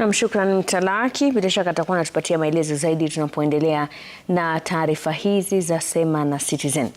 Nam, shukran Mtalaki, bila shaka atakuwa anatupatia maelezo zaidi tunapoendelea na taarifa hizi za Sema na Citizen.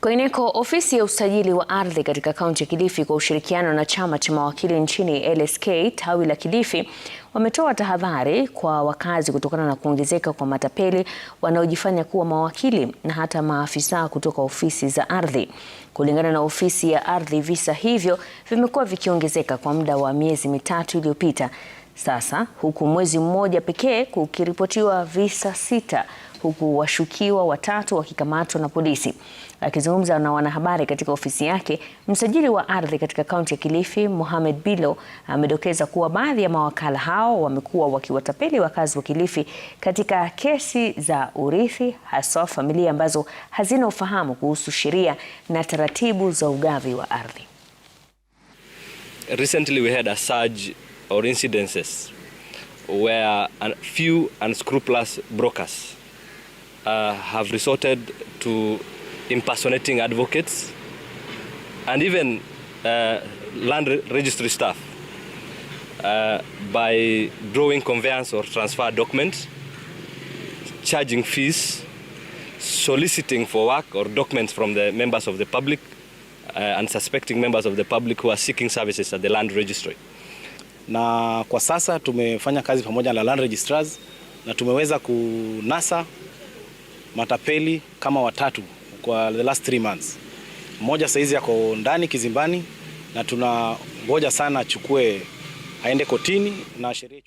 Kwingineko, ofisi ya usajili wa ardhi katika kaunti ya Kilifi kwa ushirikiano na chama cha mawakili nchini LSK tawi la Kilifi wametoa tahadhari kwa wakazi kutokana na kuongezeka kwa matapeli wanaojifanya kuwa mawakili na hata maafisa kutoka ofisi za ardhi. Kulingana na ofisi ya ardhi, visa hivyo vimekuwa vikiongezeka kwa muda wa miezi mitatu iliyopita sasa, huku mwezi mmoja pekee kukiripotiwa visa sita huku washukiwa watatu wakikamatwa na polisi. Akizungumza na wanahabari katika ofisi yake, msajili wa ardhi katika kaunti ya Kilifi, Mohamed Bilo, amedokeza kuwa baadhi ya mawakala hao wamekuwa wakiwatapeli wakazi wa Kilifi katika kesi za urithi, haswa familia ambazo hazina ufahamu kuhusu sheria na taratibu za ugavi wa ardhi. Recently we had a surge or incidences where a few unscrupulous brokers uh, have resorted to impersonating advocates and even uh, land registry staff uh, by drawing conveyance or transfer documents, charging fees, soliciting for work or documents from the members of the public uh, and suspecting members of the public who are seeking services at the land registry na kwa sasa tumefanya kazi pamoja na land registrars na tumeweza kunasa matapeli kama watatu kwa the last three months. Mmoja saizi yako ndani kizimbani na tunangoja sana achukue aende kotini na sheria